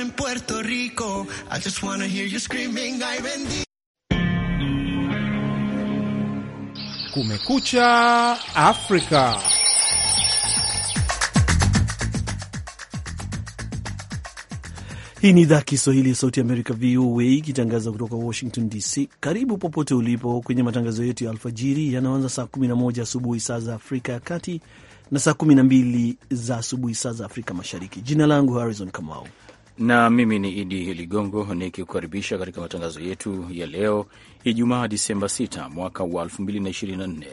en Puerto Rico. I just wanna hear you screaming, I bendito. Kumekucha Afrika. Hii ni idhaa Kiswahili ya Sauti ya Amerika, VOA, ikitangaza kutoka Washington DC. Karibu popote ulipo kwenye matangazo yetu ya alfajiri yanaoanza saa 11 asubuhi saa za Afrika ya Kati na saa 12 za asubuhi saa za Afrika Mashariki. Jina langu Harrison Kamau na mimi ni Idi Ligongo nikikukaribisha katika matangazo yetu ya leo Ijumaa Disemba 6 mwaka wa 2024.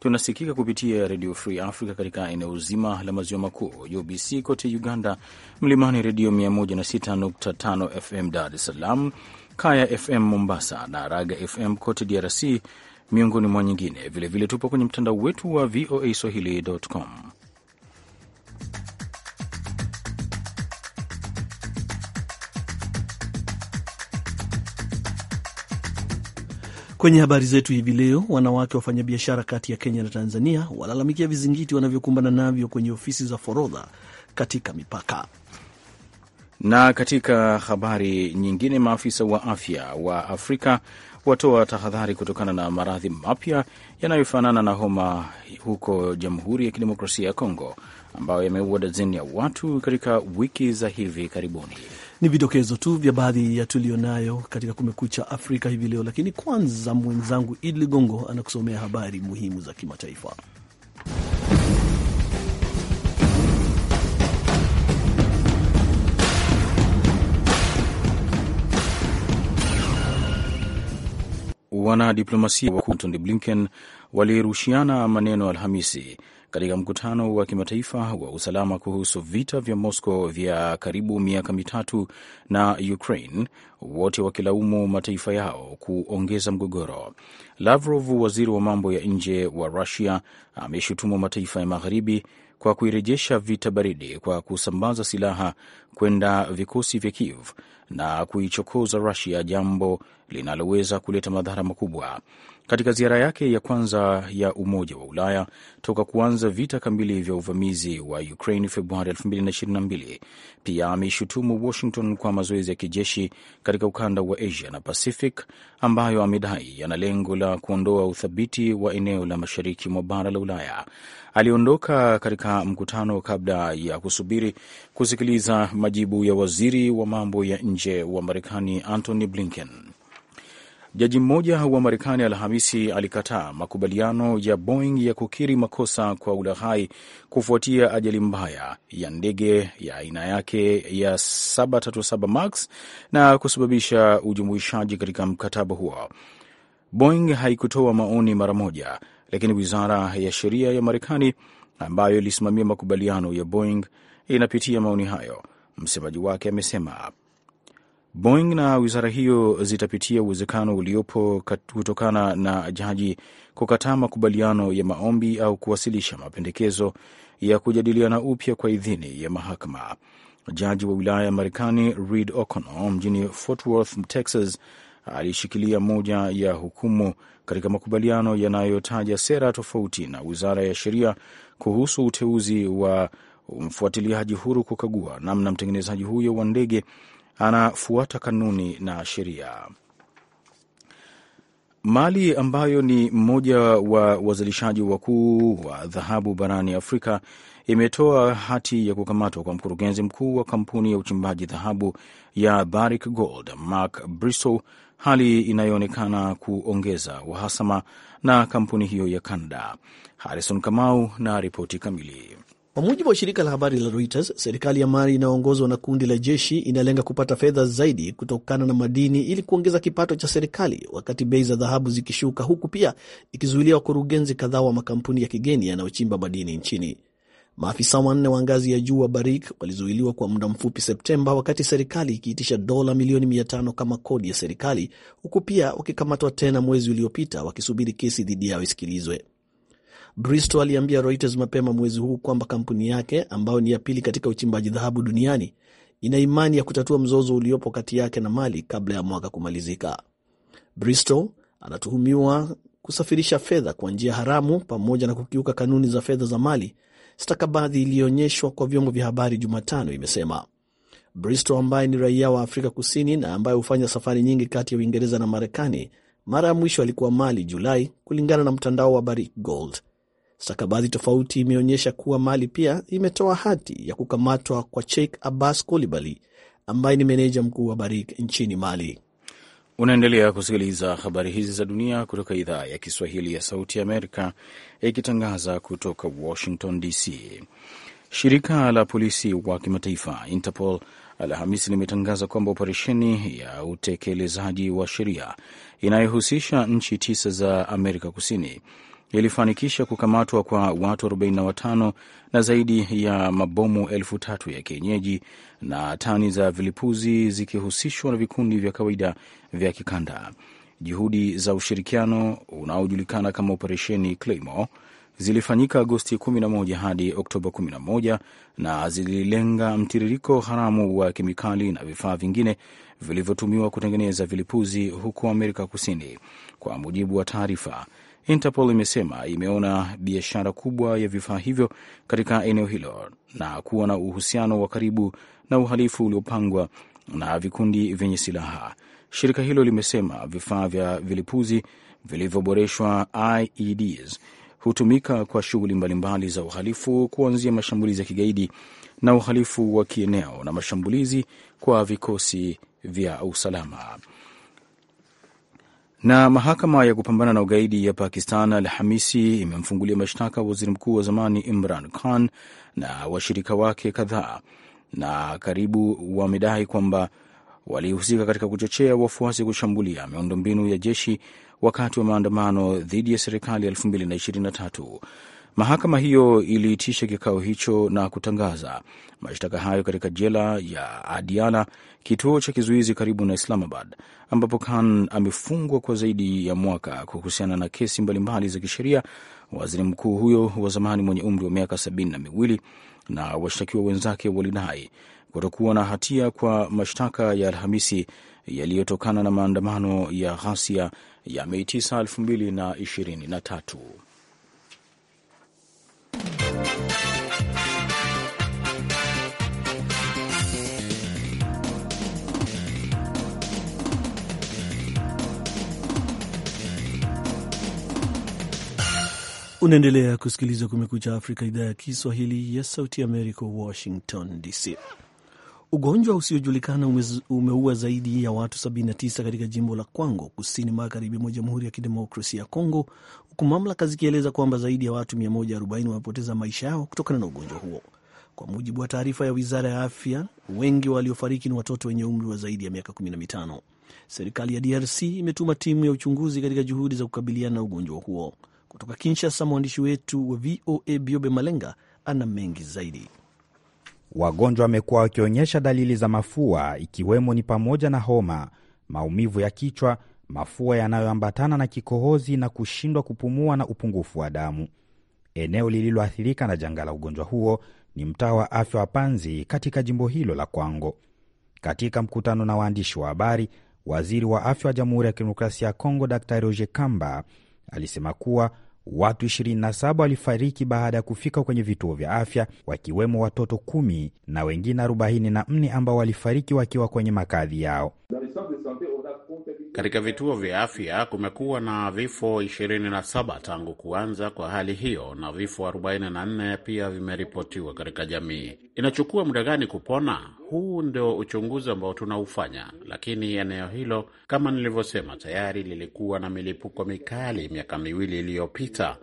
Tunasikika kupitia Redio Free Africa katika eneo zima la maziwa makuu, UBC kote Uganda, Mlimani Redio 106.5 FM Dar es Salaam, Kaya FM Mombasa na Raga FM kote DRC, miongoni mwa nyingine. Vilevile tupo kwenye mtandao wetu wa VOA swahili.com. Kwenye habari zetu hivi leo, wanawake wafanyabiashara kati ya Kenya na Tanzania walalamikia vizingiti wanavyokumbana navyo kwenye ofisi za forodha katika mipaka. Na katika habari nyingine, maafisa wa afya wa Afrika watoa tahadhari kutokana na maradhi mapya yanayofanana na homa huko Jamhuri ya Kidemokrasia ya Kongo ambayo yameua dazeni ya watu katika wiki za hivi karibuni. Ni vidokezo tu vya baadhi ya tuliyonayo katika Kumekucha Afrika hivi leo, lakini kwanza mwenzangu Idi Ligongo anakusomea habari muhimu za kimataifa. Wanadiplomasia wa Antony Blinken walirushiana maneno Alhamisi katika mkutano wa kimataifa wa usalama kuhusu vita vya Moscow vya karibu miaka mitatu na Ukraine, wote wakilaumu mataifa yao kuongeza mgogoro. Lavrov, waziri wa mambo ya nje wa Rusia, ameshutumu mataifa ya magharibi kwa kuirejesha vita baridi kwa kusambaza silaha kwenda vikosi vya Kiev na kuichokoza Rusia, jambo linaloweza kuleta madhara makubwa. Katika ziara yake ya kwanza ya Umoja wa Ulaya toka kuanza vita kamili vya uvamizi wa Ukraine Februari 2022, pia ameishutumu Washington kwa mazoezi ya kijeshi katika ukanda wa Asia na Pacific ambayo amedai yana lengo la kuondoa uthabiti wa eneo la mashariki mwa bara la Ulaya. Aliondoka katika mkutano kabla ya kusubiri kusikiliza majibu ya waziri wa mambo ya nje wa Marekani Antony Blinken. Jaji mmoja wa Marekani Alhamisi alikataa makubaliano ya Boeing ya kukiri makosa kwa ulaghai kufuatia ajali mbaya ya ndege ya aina yake ya 737 Max na kusababisha ujumuishaji katika mkataba huo. Boeing haikutoa maoni mara moja, lakini wizara ya sheria ya Marekani ambayo ilisimamia makubaliano ya Boeing inapitia maoni hayo. Msemaji wake amesema Boeing na wizara hiyo zitapitia uwezekano uliopo kutokana na jaji kukataa makubaliano ya maombi au kuwasilisha mapendekezo ya kujadiliana upya kwa idhini ya mahakama. Jaji wa wilaya ya Marekani Reed O'Connor mjini Fort Worth, Texas, alishikilia moja ya hukumu katika makubaliano yanayotaja sera tofauti na wizara ya sheria kuhusu uteuzi wa mfuatiliaji huru kukagua namna mtengenezaji huyo wa ndege anafuata kanuni na sheria. Mali ambayo ni mmoja wa wazalishaji wakuu wa dhahabu barani Afrika imetoa hati ya kukamatwa kwa mkurugenzi mkuu wa kampuni ya uchimbaji dhahabu ya Barrick Gold Mark Bristow, hali inayoonekana kuongeza uhasama na kampuni hiyo ya Canada. Harrison Kamau na ripoti kamili. Kwa mujibu wa shirika la habari la Reuters, serikali ya Mali inayoongozwa na kundi la jeshi inalenga kupata fedha zaidi kutokana na madini ili kuongeza kipato cha serikali, wakati bei za dhahabu zikishuka, huku pia ikizuilia wakurugenzi kadhaa wa makampuni ya kigeni yanayochimba madini nchini. Maafisa wanne wa ngazi ya juu wa Barik walizuiliwa kwa muda mfupi Septemba, wakati serikali ikiitisha dola milioni mia tano kama kodi ya serikali, huku pia wakikamatwa tena mwezi uliopita wakisubiri kesi dhidi yao isikilizwe. Bristow aliambia Reuters mapema mwezi huu kwamba kampuni yake ambayo ni ya pili katika uchimbaji dhahabu duniani ina imani ya kutatua mzozo uliopo kati yake na Mali kabla ya mwaka kumalizika. Bristow anatuhumiwa kusafirisha fedha kwa njia haramu pamoja na kukiuka kanuni za fedha za Mali, stakabadhi iliyoonyeshwa kwa vyombo vya habari Jumatano imesema. Bristow ambaye ni raia wa Afrika Kusini na ambaye hufanya safari nyingi kati ya Uingereza na Marekani, mara ya mwisho alikuwa Mali Julai, kulingana na mtandao wa Barrick Gold. Stakabadhi tofauti imeonyesha kuwa Mali pia imetoa hati ya kukamatwa kwa Sheikh Abbas Kolibali ambaye ni meneja mkuu wa Barik nchini Mali. Unaendelea kusikiliza habari hizi za dunia kutoka idhaa ya Kiswahili ya Sauti Amerika, ikitangaza kutoka Washington DC. Shirika la polisi wa kimataifa Interpol Alhamisi limetangaza kwamba operesheni ya utekelezaji wa sheria inayohusisha nchi tisa za Amerika Kusini yalifanikisha kukamatwa kwa watu 45 na zaidi ya mabomu elfu tatu ya kienyeji na tani za vilipuzi zikihusishwa na vikundi vya kawaida vya kikanda. Juhudi za ushirikiano unaojulikana kama Operesheni Claymore zilifanyika Agosti 11 hadi Oktoba 11 na zililenga mtiririko haramu wa kemikali na vifaa vingine vilivyotumiwa kutengeneza vilipuzi huko Amerika Kusini, kwa mujibu wa taarifa Interpol imesema imeona biashara kubwa ya vifaa hivyo katika eneo hilo na kuwa na uhusiano wa karibu na uhalifu uliopangwa na vikundi vyenye silaha. Shirika hilo limesema vifaa vya vilipuzi vilivyoboreshwa IEDs hutumika kwa shughuli mbalimbali za uhalifu kuanzia mashambulizi ya kigaidi na uhalifu wa kieneo na mashambulizi kwa vikosi vya usalama. Na mahakama ya kupambana na ugaidi ya Pakistan Alhamisi imemfungulia mashtaka waziri mkuu wa zamani Imran Khan na washirika wake kadhaa, na karibu wamedai kwamba walihusika katika kuchochea wafuasi kushambulia miundombinu ya jeshi wakati wa maandamano dhidi ya serikali 2023. Mahakama hiyo iliitisha kikao hicho na kutangaza mashtaka hayo katika jela ya Adiala, kituo cha kizuizi karibu na Islamabad, ambapo Khan amefungwa kwa zaidi ya mwaka kuhusiana na kesi mbalimbali za kisheria. Waziri mkuu huyo wa zamani mwenye umri wa miaka sabini na miwili na washtakiwa wenzake walidai kutokuwa na hatia kwa mashtaka ya Alhamisi yaliyotokana na maandamano ya ghasia ya Mei 9, 2023. Unaendelea kusikiliza Kumekucha Afrika, idhaa ya Kiswahili ya Sauti ya Amerika, Washington DC. Ugonjwa usiojulikana umeua zaidi ya watu 79 katika jimbo la Kwango kusini magharibi mwa Jamhuri ya Kidemokrasia ya Kongo, huku mamlaka zikieleza kwamba zaidi ya watu 140 wamepoteza maisha yao kutokana na ugonjwa huo. Kwa mujibu wa taarifa ya wizara ya afya, wengi waliofariki ni watoto wenye umri wa zaidi ya miaka 15. Serikali ya DRC imetuma timu ya uchunguzi katika juhudi za kukabiliana na ugonjwa huo. Kutoka Kinshasa, mwandishi wetu wa VOA Biobe Malenga ana mengi zaidi. Wagonjwa wamekuwa wakionyesha dalili za mafua ikiwemo ni pamoja na homa, maumivu ya kichwa, mafua yanayoambatana na kikohozi na kushindwa kupumua na upungufu wa damu. Eneo lililoathirika na janga la ugonjwa huo ni mtaa wa afya wa Panzi katika jimbo hilo la Kwango. Katika mkutano na waandishi wa habari, waziri wa afya wa Jamhuri ya Kidemokrasia ya Kongo dr Roger Kamba alisema kuwa Watu 27 walifariki baada ya kufika kwenye vituo vya afya wakiwemo watoto kumi na wengine 44 ambao walifariki wakiwa kwenye makazi yao. Katika vituo vya afya kumekuwa na vifo 27 tangu kuanza kwa hali hiyo na vifo 44 pia vimeripotiwa katika jamii. Inachukua muda gani kupona? Huu ndio uchunguzi ambao tunaufanya, lakini eneo hilo kama nilivyosema, tayari lilikuwa na milipuko mikali miaka miwili iliyopita.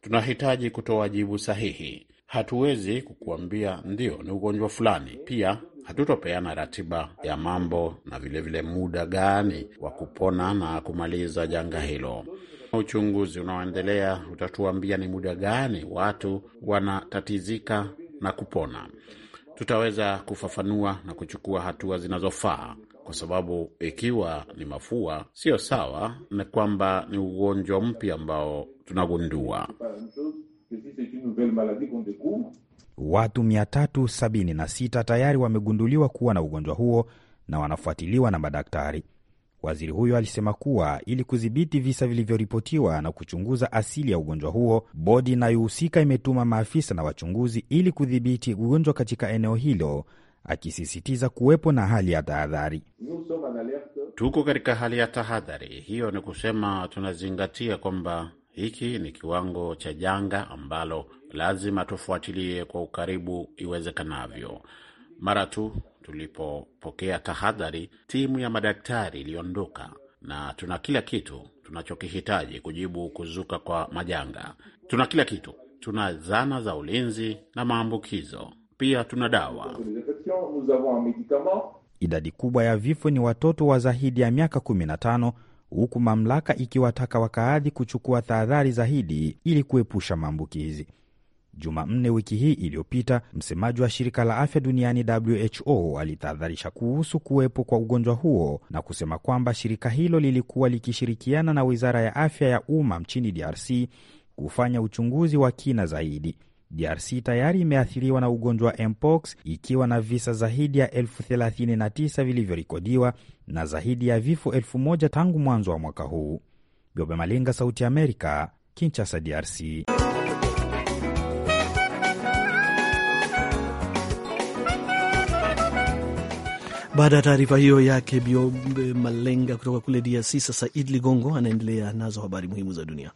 Tunahitaji kutoa jibu sahihi hatuwezi kukuambia ndio ni ugonjwa fulani. Pia hatutopeana ratiba ya mambo na vilevile vile muda gani wa kupona na kumaliza janga hilo. Uchunguzi unaoendelea utatuambia ni muda gani watu wanatatizika na kupona. Tutaweza kufafanua na kuchukua hatua zinazofaa, kwa sababu ikiwa ni mafua, sio sawa na kwamba ni ugonjwa mpya ambao tunagundua. Watu 376 tayari wamegunduliwa kuwa na ugonjwa huo na wanafuatiliwa na madaktari. Waziri huyo alisema kuwa ili kudhibiti visa vilivyoripotiwa na kuchunguza asili ya ugonjwa huo, bodi inayohusika imetuma maafisa na wachunguzi ili kudhibiti ugonjwa katika eneo hilo, akisisitiza kuwepo na hali ya tahadhari. Tuko katika hali ya tahadhari, hiyo ni kusema tunazingatia kwamba hiki ni kiwango cha janga ambalo lazima tufuatilie kwa ukaribu iwezekanavyo. Mara tu tulipopokea tahadhari, timu ya madaktari iliondoka na tuna kila kitu tunachokihitaji kujibu kuzuka kwa majanga. Tuna kila kitu, tuna zana za ulinzi na maambukizo, pia tuna dawa. Idadi kubwa ya vifo ni watoto wa zaidi ya miaka 15 huku mamlaka ikiwataka wakaadhi kuchukua tahadhari zaidi ili kuepusha maambukizi. Jumanne wiki hii iliyopita, msemaji wa shirika la afya duniani WHO alitahadharisha kuhusu kuwepo kwa ugonjwa huo na kusema kwamba shirika hilo lilikuwa likishirikiana na wizara ya afya ya umma nchini DRC kufanya uchunguzi wa kina zaidi. DRC tayari imeathiriwa na ugonjwa wa mpox ikiwa na visa zaidi ya elfu 39 vilivyorekodiwa na zaidi ya vifo elfu moja tangu mwanzo wa mwaka huu. Gobe Malenga, Sauti Amerika, Kinchasa, DRC. Baada ya taarifa hiyo yake Biombe Malenga kutoka kule DRC. Sasa Id Ligongo anaendelea nazo habari muhimu za dunia.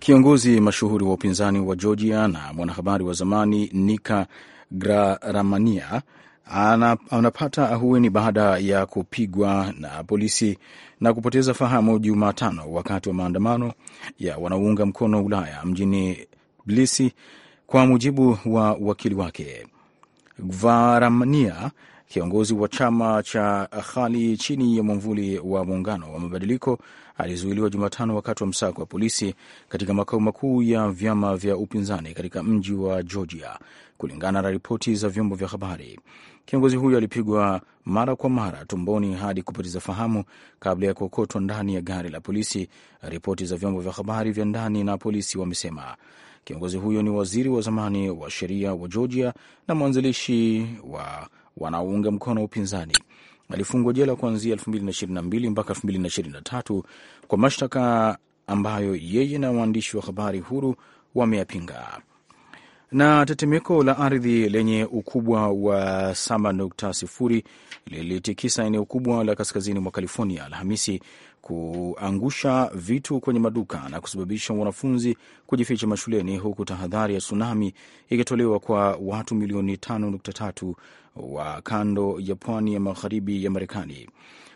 Kiongozi mashuhuri wa upinzani wa Georgia na mwanahabari wa zamani Nika Graramania anapata ahueni baada ya kupigwa na polisi na kupoteza fahamu Jumatano wakati wa maandamano ya wanaounga mkono Ulaya mjini Tbilisi, kwa mujibu wa wakili wake Gvaramania kiongozi wa chama cha Ahali chini ya mwamvuli wa muungano wa mabadiliko alizuiliwa Jumatano wakati wa msako wa polisi katika makao makuu ya vyama vya upinzani katika mji wa Georgia, kulingana na ripoti za vyombo vya habari. Kiongozi huyo alipigwa mara kwa mara tumboni hadi kupoteza fahamu kabla ya kuokotwa ndani ya gari la polisi, ripoti za vyombo vya habari vya ndani na polisi wamesema. Kiongozi huyo ni waziri wa zamani wa sheria wa Georgia na mwanzilishi wa wanaounga mkono upinzani alifungwa jela kuanzia 2022 mpaka 2023 kwa mashtaka ambayo yeye na waandishi wa habari huru wameyapinga. Na tetemeko la ardhi lenye ukubwa wa 7.0 lilitikisa eneo kubwa la kaskazini mwa California Alhamisi kuangusha vitu kwenye maduka na kusababisha wanafunzi kujificha mashuleni, huku tahadhari ya tsunami ikitolewa kwa watu milioni 5.3 wa kando ya pwani ya magharibi ya Marekani.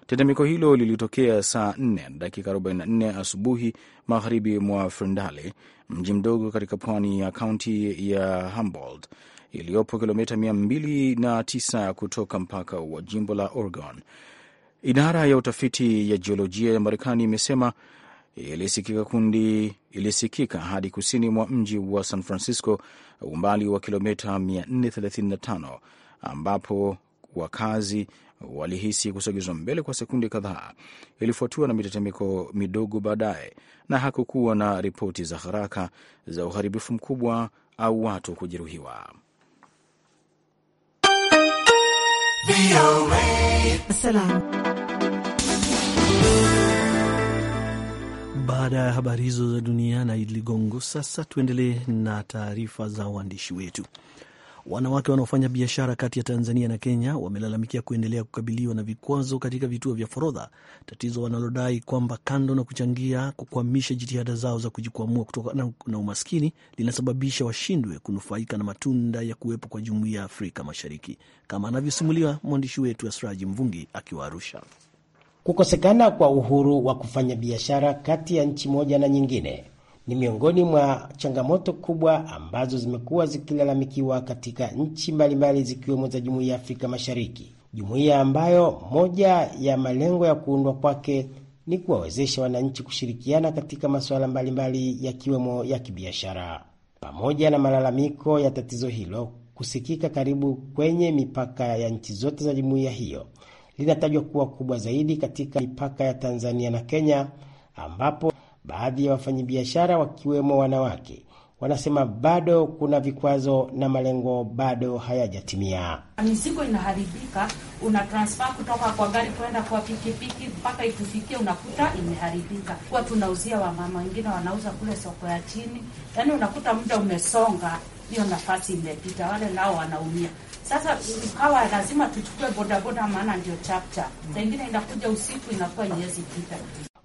Tetemeko hilo lilitokea saa 4 dakika 44 asubuhi magharibi mwa Frendale, mji mdogo katika pwani ya kaunti ya Humboldt iliyopo kilomita 209 kutoka mpaka wa jimbo la Oregon. Idara ya utafiti ya jiolojia ya Marekani imesema ilisikika kundi ilisikika hadi kusini mwa mji wa San Francisco, umbali wa kilomita 435 ambapo wakazi walihisi kusogezwa mbele kwa sekunde kadhaa. Ilifuatiwa na mitetemeko midogo baadaye, na hakukuwa na ripoti za haraka za uharibifu mkubwa au watu kujeruhiwa. Salam. Baada ya habari hizo za dunia na Idi Ligongo, sasa tuendelee na taarifa za uandishi wetu. Wanawake wanaofanya biashara kati ya Tanzania na Kenya wamelalamikia kuendelea kukabiliwa na vikwazo katika vituo vya forodha, tatizo wanalodai kwamba kando na kuchangia kukwamisha jitihada zao za kujikwamua kutoka na umaskini, linasababisha washindwe kunufaika na matunda ya kuwepo kwa Jumuiya ya Afrika Mashariki, kama anavyosimuliwa mwandishi wetu Asraji Mvungi akiwa Arusha. Kukosekana kwa uhuru wa kufanya biashara kati ya nchi moja na nyingine ni miongoni mwa changamoto kubwa ambazo zimekuwa zikilalamikiwa katika nchi mbalimbali zikiwemo za Jumuiya ya Afrika Mashariki, jumuiya ambayo moja ya malengo ya kuundwa kwake ni kuwawezesha wananchi kushirikiana katika masuala mbalimbali yakiwemo ya kibiashara. Pamoja na malalamiko ya tatizo hilo kusikika karibu kwenye mipaka ya nchi zote za jumuiya hiyo, linatajwa kuwa kubwa zaidi katika mipaka ya Tanzania na Kenya ambapo Baadhi ya wafanyabiashara wakiwemo wanawake wanasema bado kuna vikwazo na malengo bado hayajatimia. Mizigo inaharibika, una transfer kutoka kwa gari kwenda kwa pikipiki mpaka itufikie, unakuta imeharibika. Huwa tunauzia wamama wengine, wanauza kule soko ya chini, yaani unakuta muda umesonga, hiyo nafasi imepita, wale nao wanaumia. Sasa ukawa lazima tuchukue bodaboda, maana ndio chapcha. Saa ingine inakuja usiku, inakuwa iwezi pita.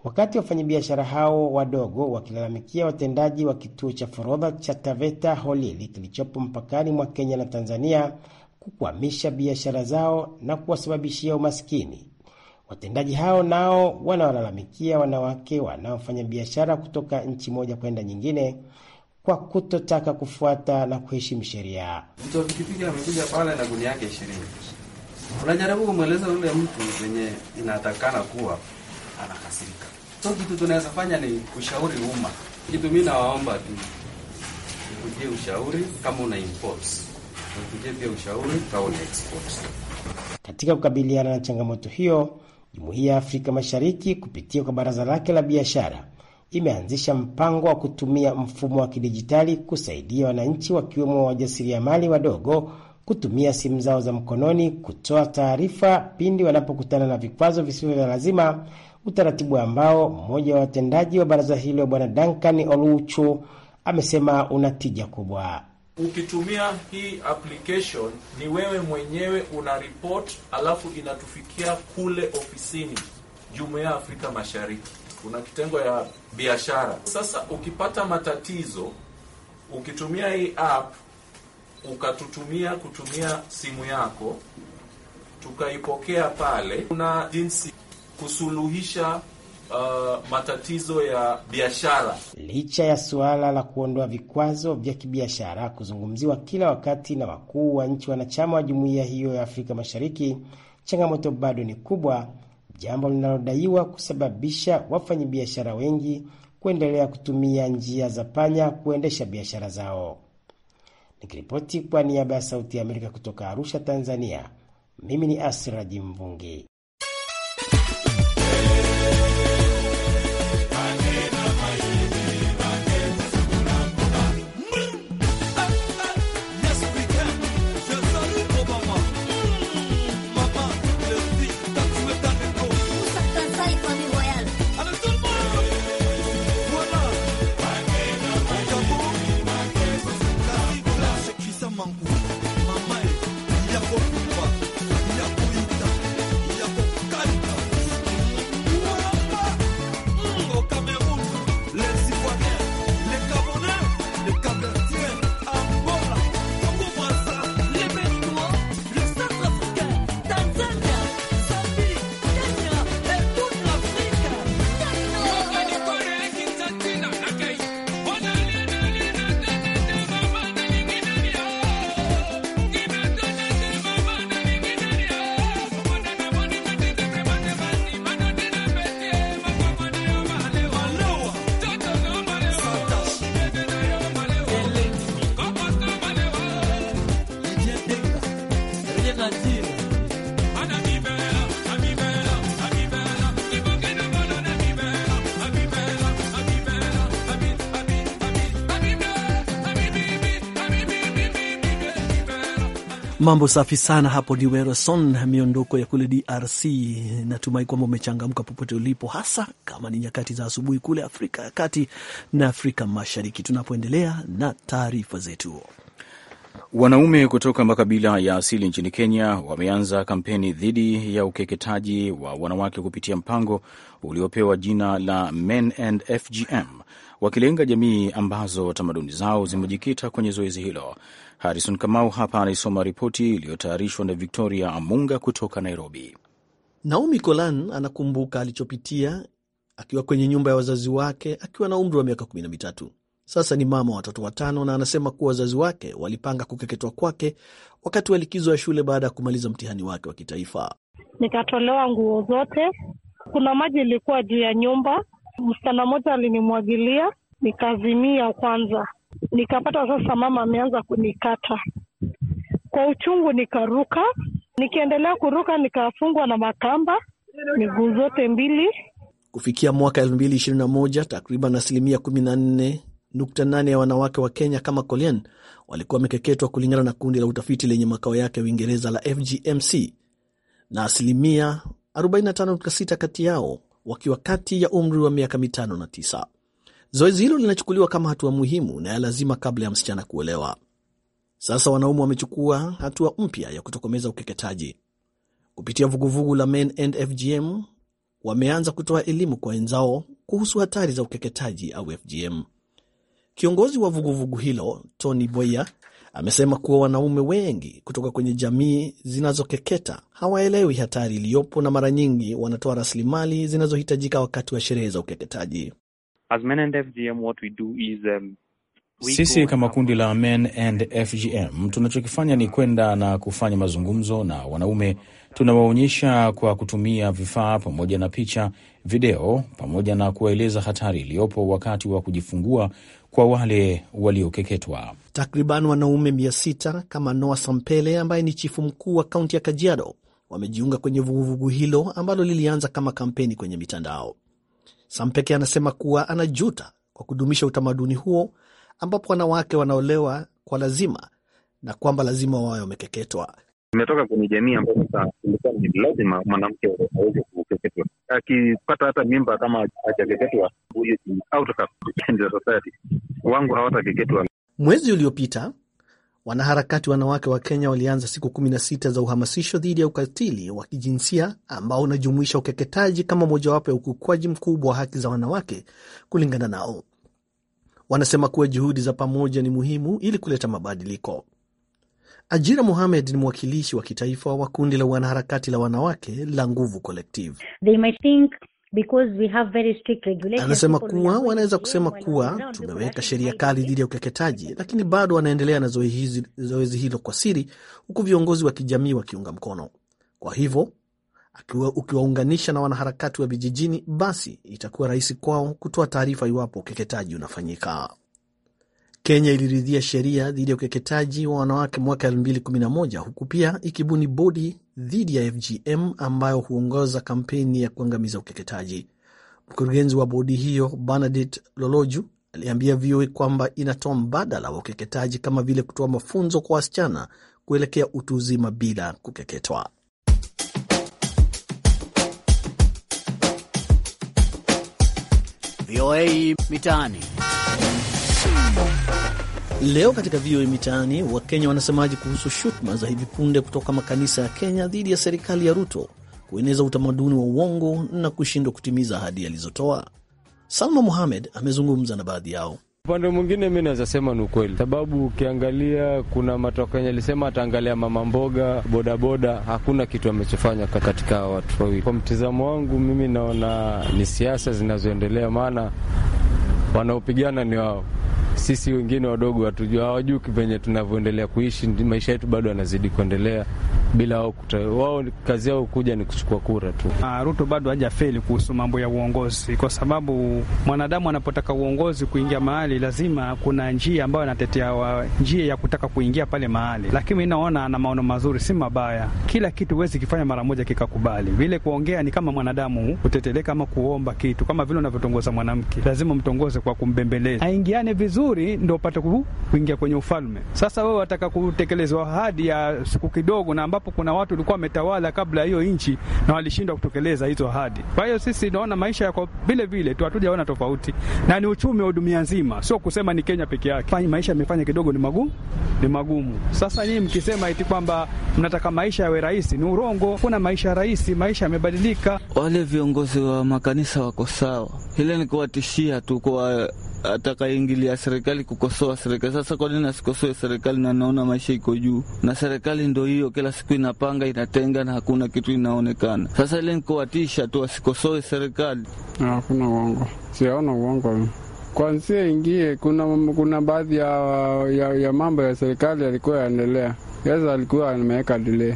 Wakati wafanyabiashara hao wadogo wakilalamikia watendaji wa kituo cha forodha cha Taveta Holili kilichopo mpakani mwa Kenya na Tanzania kukwamisha biashara zao na kuwasababishia umaskini. Watendaji hao nao wanawalalamikia wanawake wanaofanya biashara kutoka nchi moja kwenda nyingine kwa kutotaka kufuata na kuheshimu sheria. Mtu pikipiki amekuja pale na yake ishirini, unajaribu kumweleza yule mtu venye inatakana kuwa, anakasirika So kitu tunaweza fanya ni kushauri umma. Kitu mimi nawaomba tu kujie ushauri kama una imports, kujie pia ushauri kama una exports. Katika kukabiliana na changamoto hiyo, Jumuiya ya Afrika Mashariki kupitia kwa baraza lake la biashara imeanzisha mpango wa kutumia mfumo wa kidijitali kusaidia wananchi wakiwemo wajasiriamali wadogo kutumia simu zao za mkononi kutoa taarifa pindi wanapokutana na vikwazo visivyo vya lazima utaratibu ambao mmoja wa watendaji wa baraza hilo Bwana Duncan oluchu amesema una tija kubwa. Ukitumia hii application ni wewe mwenyewe una report, alafu inatufikia kule ofisini. Jumuiya ya Afrika Mashariki kuna kitengo ya biashara. Sasa ukipata matatizo, ukitumia hii app ukatutumia kutumia simu yako, tukaipokea pale, kuna jinsi kusuluhisha uh, matatizo ya biashara. Licha ya suala la kuondoa vikwazo vya kibiashara kuzungumziwa kila wakati na wakuu wa nchi wanachama wa jumuiya hiyo ya Afrika Mashariki, changamoto bado ni kubwa, jambo linalodaiwa kusababisha wafanyabiashara wengi kuendelea kutumia njia za panya kuendesha biashara zao. Nikiripoti kwa niaba ya Sauti ya Amerika kutoka Arusha, Tanzania, mimi ni Asiraji Mvungi. Mambo safi sana hapo Diweroson, miondoko ya kule DRC. Natumai kwamba umechangamka popote ulipo, hasa kama ni nyakati za asubuhi kule Afrika ya Kati na Afrika Mashariki, tunapoendelea na taarifa zetu. Wanaume kutoka makabila ya asili nchini Kenya wameanza kampeni dhidi ya ukeketaji wa wanawake kupitia mpango uliopewa jina la Men and FGM wakilenga jamii ambazo tamaduni zao zimejikita kwenye zoezi hilo. Harrison Kamau hapa anaisoma ripoti iliyotayarishwa na Victoria Amunga kutoka Nairobi. Naomi Kolan anakumbuka alichopitia akiwa kwenye nyumba ya wazazi wake akiwa na umri wa miaka kumi na mitatu. Sasa ni mama watoto watano na anasema kuwa wazazi wake walipanga kukeketwa kwake wakati wa likizo ya shule baada ya kumaliza mtihani wake wa kitaifa. Nikatolewa nguo zote, kuna maji ilikuwa juu ya nyumba, Msichana mmoja alinimwagilia nikazimia kwanza, nikapata sasa mama ameanza kunikata kwa uchungu, nikaruka. Nikiendelea kuruka, nikafungwa na makamba miguu zote mbili. Kufikia mwaka e221 takriban asilimia 14.8 ya wanawake wa Kenya kama colian walikuwa wamekeketwa kulingana na kundi la utafiti lenye makao yake Uingereza la FGMC, na asilimia 45.6 kati yao wakiwa kati ya umri wa miaka mitano na tisa. Zoezi hilo linachukuliwa kama hatua muhimu na ya lazima kabla ya msichana kuolewa. Sasa wanaume wamechukua hatua mpya ya kutokomeza ukeketaji kupitia vuguvugu la Men End FGM. Wameanza kutoa elimu kwa wenzao kuhusu hatari za ukeketaji au FGM. Kiongozi wa vuguvugu hilo Tony Boyer Amesema kuwa wanaume wengi kutoka kwenye jamii zinazokeketa hawaelewi hatari iliyopo na mara nyingi wanatoa rasilimali zinazohitajika wakati wa sherehe za ukeketaji. Sisi kama kundi la Men and FGM tunachokifanya ni kwenda na kufanya mazungumzo na wanaume. Tunawaonyesha kwa kutumia vifaa pamoja na picha, video, pamoja na kuwaeleza hatari iliyopo wakati wa kujifungua kwa wale waliokeketwa. Takriban wanaume mia sita kama Noa Sampele ambaye ni chifu mkuu wa kaunti ya Kajiado wamejiunga kwenye vuguvugu hilo ambalo lilianza kama kampeni kwenye mitandao. Sampeke anasema kuwa anajuta kwa kudumisha utamaduni huo ambapo wanawake wanaolewa kwa lazima na kwamba lazima wawe wamekeketwa imetoka kwenye jamii ambayo sasa ilikuwa ni lazima mwanamke aweze kukeketwa, akipata hata mimba kama hajakeketwa, huyo ni society. Wangu hawatakeketwa. Mwezi uliopita wanaharakati wanawake wa Kenya walianza siku kumi na sita za uhamasisho dhidi ya ukatili wa kijinsia ambao unajumuisha ukeketaji kama mojawapo ya ukiukwaji mkubwa wa haki za wanawake. Kulingana nao, wanasema kuwa juhudi za pamoja ni muhimu ili kuleta mabadiliko. Ajira Mohamed ni mwakilishi wa kitaifa wa kundi la wanaharakati la wanawake la Nguvu Collective. Anasema kuwa wanaweza kusema kuwa tumeweka sheria kali dhidi ya ukeketaji, lakini bado wanaendelea na zoezi, zoezi hilo kwa siri, huku viongozi wa kijamii wakiunga mkono. Kwa hivyo ukiwaunganisha na wanaharakati wa vijijini, basi itakuwa rahisi kwao kutoa taarifa iwapo ukeketaji unafanyika. Kenya iliridhia sheria dhidi ya ukeketaji wa wanawake mwaka 2011 huku pia ikibuni bodi dhidi ya FGM ambayo huongoza kampeni ya kuangamiza ukeketaji. Mkurugenzi wa bodi hiyo Bernadit Loloju aliambia VOA kwamba inatoa mbadala wa ukeketaji kama vile kutoa mafunzo kwa wasichana kuelekea utu uzima bila kukeketwa. VOA Mitaani. Leo katika VOA Mitaani, Wakenya wanasemaje kuhusu shutuma za hivi punde kutoka makanisa ya Kenya dhidi ya serikali ya Ruto kueneza utamaduni wa uongo na kushindwa kutimiza ahadi alizotoa? Salma Muhamed amezungumza na baadhi yao. Upande mwingine mi naweza sema ni ukweli, sababu ukiangalia kuna matokenya alisema ataangalia mama mboga, bodaboda, hakuna kitu amechofanya katika watu wawili. Kwa mtizamo wangu mimi naona ni siasa zinazoendelea, maana wanaopigana ni wao. Sisi wengine wadogo hatujua, hawajui venye tunavyoendelea kuishi, maisha yetu bado yanazidi kuendelea bila wao wao, kazi yao kuja ni kuchukua kura tu. Ah, Ruto bado hajafeli kuhusu mambo ya uongozi, kwa sababu mwanadamu anapotaka uongozi kuingia mahali, lazima kuna njia ambayo anatetea wa njia ya kutaka kuingia pale mahali, lakini naona ana maono mazuri, si mabaya. Kila kitu huwezi kifanya mara moja kikakubali. Vile kuongea ni kama mwanadamu kuteteleka ama kuomba kitu, kama vile unavyotongoza mwanamke, lazima mtongoze kwa kumbembeleza, aingiane vizuri, ndo upate kuingia kwenye ufalme. Sasa wewe wataka kutekelezwa ahadi ya siku kidogo na ambapo kuna watu walikuwa wametawala kabla hiyo nchi na walishindwa kutekeleza hizo ahadi. Kwa hiyo sisi tunaona maisha yako vile vile tu, hatujaona tofauti, na ni uchumi wa dunia nzima, sio kusema ni Kenya peke yake. Fanya Maisha yamefanya kidogo ni magumu, ni magumu. Sasa nyinyi mkisema eti kwamba mnataka maisha yawe rahisi, ni urongo. Kuna maisha rahisi, maisha yamebadilika. Wale viongozi wa makanisa wako sawa, ile ni kuwatishia tu kwa atakaingilia serikali kukosoa serikali. Sasa kwa nini asikosoe serikali? Na naona maisha iko juu na serikali ndo hiyo kila siku siku inapanga inatenga, na hakuna kitu inaonekana. Sasa ile nikowatisha tu wasikosoe serikali, hakuna uongo, siaona uongo kwanzia ingie. Kuna, kuna baadhi ya, ya, ya mambo ya serikali yalikuwa yaendelea, sasa alikuwa ameweka delay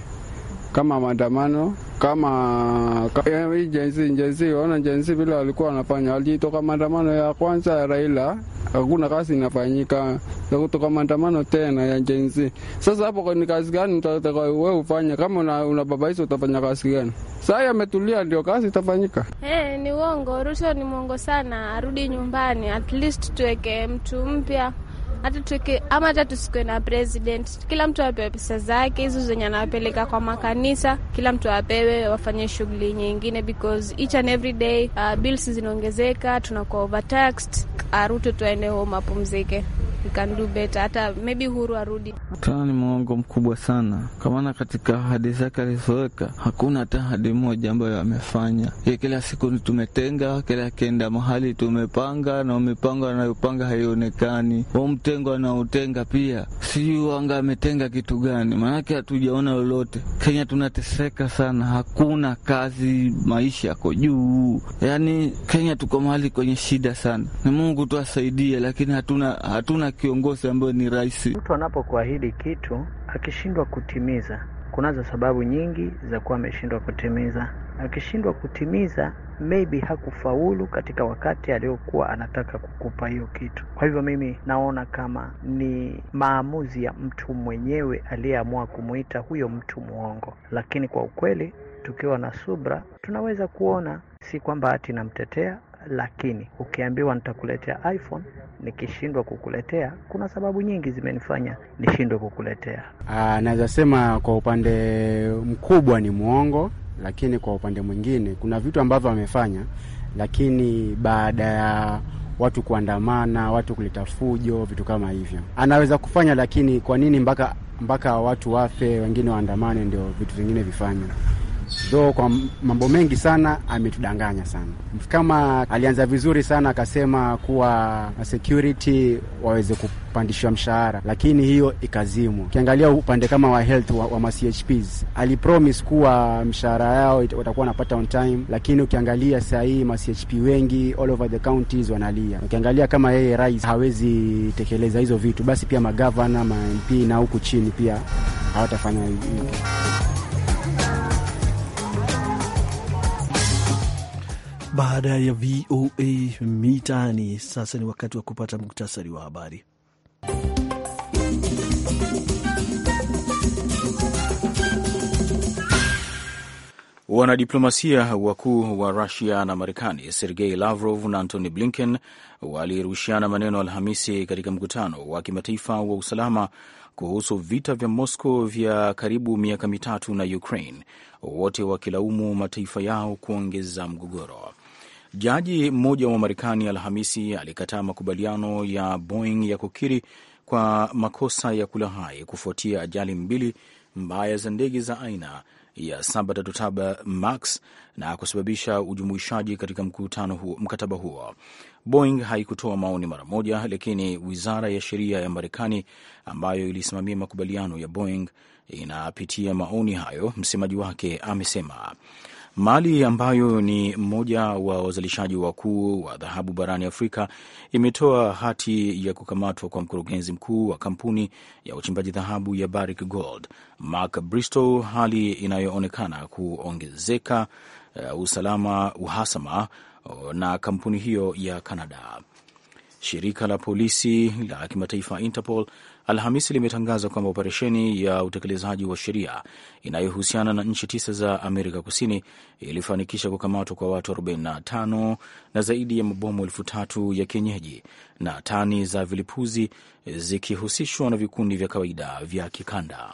kama maandamano kama hii jenzi jenzi, ona jenzi vile walikuwa wanafanya, walitoka maandamano ya kwanza ya Raila hakuna kazi inafanyika kutoka maandamano tena ya Gen Sasa hapo ni kazi gani utataka wewe ufanya? Kama una, una baba hizo utafanya kazi gani? Sasa ametulia ndio kazi itafanyika. Hey, eh, ni uongo. Ruto ni mwongo sana, arudi nyumbani, at least tuweke mtu mpya hata tuke, ama hata tusikuwe na president, kila mtu apewe pesa zake hizo zenye anawapeleka kwa makanisa, kila mtu apewe wafanye shughuli nyingine, because each and every day uh, bills zinaongezeka, tunakuwa overtaxed. Uh, Ruto tuende home apumzike we can do better. Hata maybe arudi. Tena ni mwongo mkubwa sana, kwa maana katika ahadi zake alizoweka hakuna hata ahadi moja ambayo amefanya. Ye kila siku tumetenga, kila akienda mahali tumepanga, na mipango anayopanga haionekani, u mtengo anaotenga pia sijui wanga ametenga kitu gani, maanake hatujaona lolote. Kenya tunateseka sana, hakuna kazi, maisha yako juu, yani Kenya tuko mahali kwenye shida sana. Ni Mungu tu asaidie, lakini hatuna hatuna kiongozi ambayo ni rais. Mtu anapokuahidi kitu akishindwa kutimiza, kunazo sababu nyingi za kuwa ameshindwa kutimiza. Akishindwa kutimiza maybe hakufaulu katika wakati aliyokuwa anataka kukupa hiyo kitu. Kwa hivyo mimi naona kama ni maamuzi ya mtu mwenyewe aliyeamua kumwita huyo mtu mwongo, lakini kwa ukweli, tukiwa na subra tunaweza kuona si kwamba ati namtetea lakini ukiambiwa nitakuletea iPhone nikishindwa kukuletea, kuna sababu nyingi zimenifanya nishindwe kukuletea. Ah, naweza sema kwa upande mkubwa ni mwongo, lakini kwa upande mwingine kuna vitu ambavyo amefanya, lakini baada ya watu kuandamana, watu kuleta fujo, vitu kama hivyo anaweza kufanya, lakini kwa nini mpaka mpaka watu wafe, wengine waandamane, ndio vitu vingine vifanywe? do kwa mambo mengi sana ametudanganya sana. Kama alianza vizuri sana akasema kuwa security waweze kupandishwa mshahara, lakini hiyo ikazimwa. Ukiangalia upande kama wa health wa, wa ma CHPs alipromise kuwa mshahara yao watakuwa wanapata on time, lakini ukiangalia saa hii ma CHP wengi all over the counties wanalia. Ukiangalia kama yeye rais hawezi tekeleza hizo vitu, basi pia magavana ma MP na huku chini pia hawatafanya hivyo. Baada ya VOA Mitaani, sasa ni wakati wa kupata muktasari wa habari. Wanadiplomasia wakuu wa Rusia na Marekani Sergei Lavrov na Antony Blinken walirushiana maneno Alhamisi katika mkutano wa kimataifa wa usalama kuhusu vita vya Moscow vya karibu miaka mitatu na Ukraine, wote wakilaumu mataifa yao kuongeza mgogoro. Jaji mmoja wa Marekani Alhamisi alikataa makubaliano ya Boeing ya kukiri kwa makosa ya kulahai kufuatia ajali mbili mbaya za ndege za aina ya 737 Max na kusababisha ujumuishaji katika mkutano huo, mkataba huo. Boeing haikutoa maoni mara moja, lakini wizara ya sheria ya Marekani ambayo ilisimamia makubaliano ya Boeing inapitia maoni hayo, msemaji wake amesema. Mali ambayo ni mmoja wa wazalishaji wakuu wa dhahabu barani Afrika imetoa hati ya kukamatwa kwa mkurugenzi mkuu wa kampuni ya uchimbaji dhahabu ya Barrick Gold Mark Bristow, hali inayoonekana kuongezeka uh, usalama uhasama uh, na kampuni hiyo ya Kanada. Shirika la polisi la kimataifa Interpol Alhamisi limetangaza kwamba operesheni ya utekelezaji wa sheria inayohusiana na nchi tisa za Amerika Kusini ilifanikisha kukamatwa kwa watu 45 na zaidi ya mabomu elfu tatu ya kienyeji na tani za vilipuzi zikihusishwa na vikundi vya kawaida vya kikanda.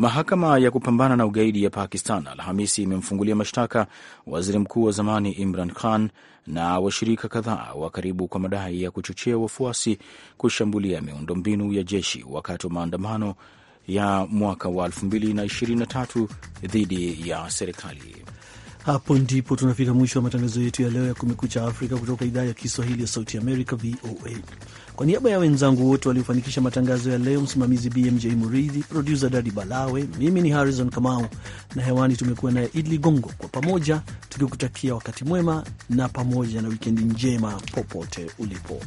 Mahakama ya kupambana na ugaidi ya Pakistan Alhamisi imemfungulia mashtaka waziri mkuu wa zamani Imran Khan na washirika kadhaa wa karibu kwa madai ya kuchochea wafuasi kushambulia miundombinu ya jeshi wakati wa maandamano ya mwaka wa 2023 dhidi ya serikali. Hapo ndipo tunafika mwisho wa matangazo yetu ya leo ya Kumekucha Afrika kutoka idhaa ya Kiswahili ya Sauti Amerika, VOA. Kwa niaba ya wenzangu wote waliofanikisha matangazo ya leo, msimamizi BMJ Muridhi, produsa Dadi Balawe, mimi ni Harrison Kamau na hewani tumekuwa naye Idli Gongo, kwa pamoja tukikutakia wakati mwema na pamoja na wikendi njema popote ulipo.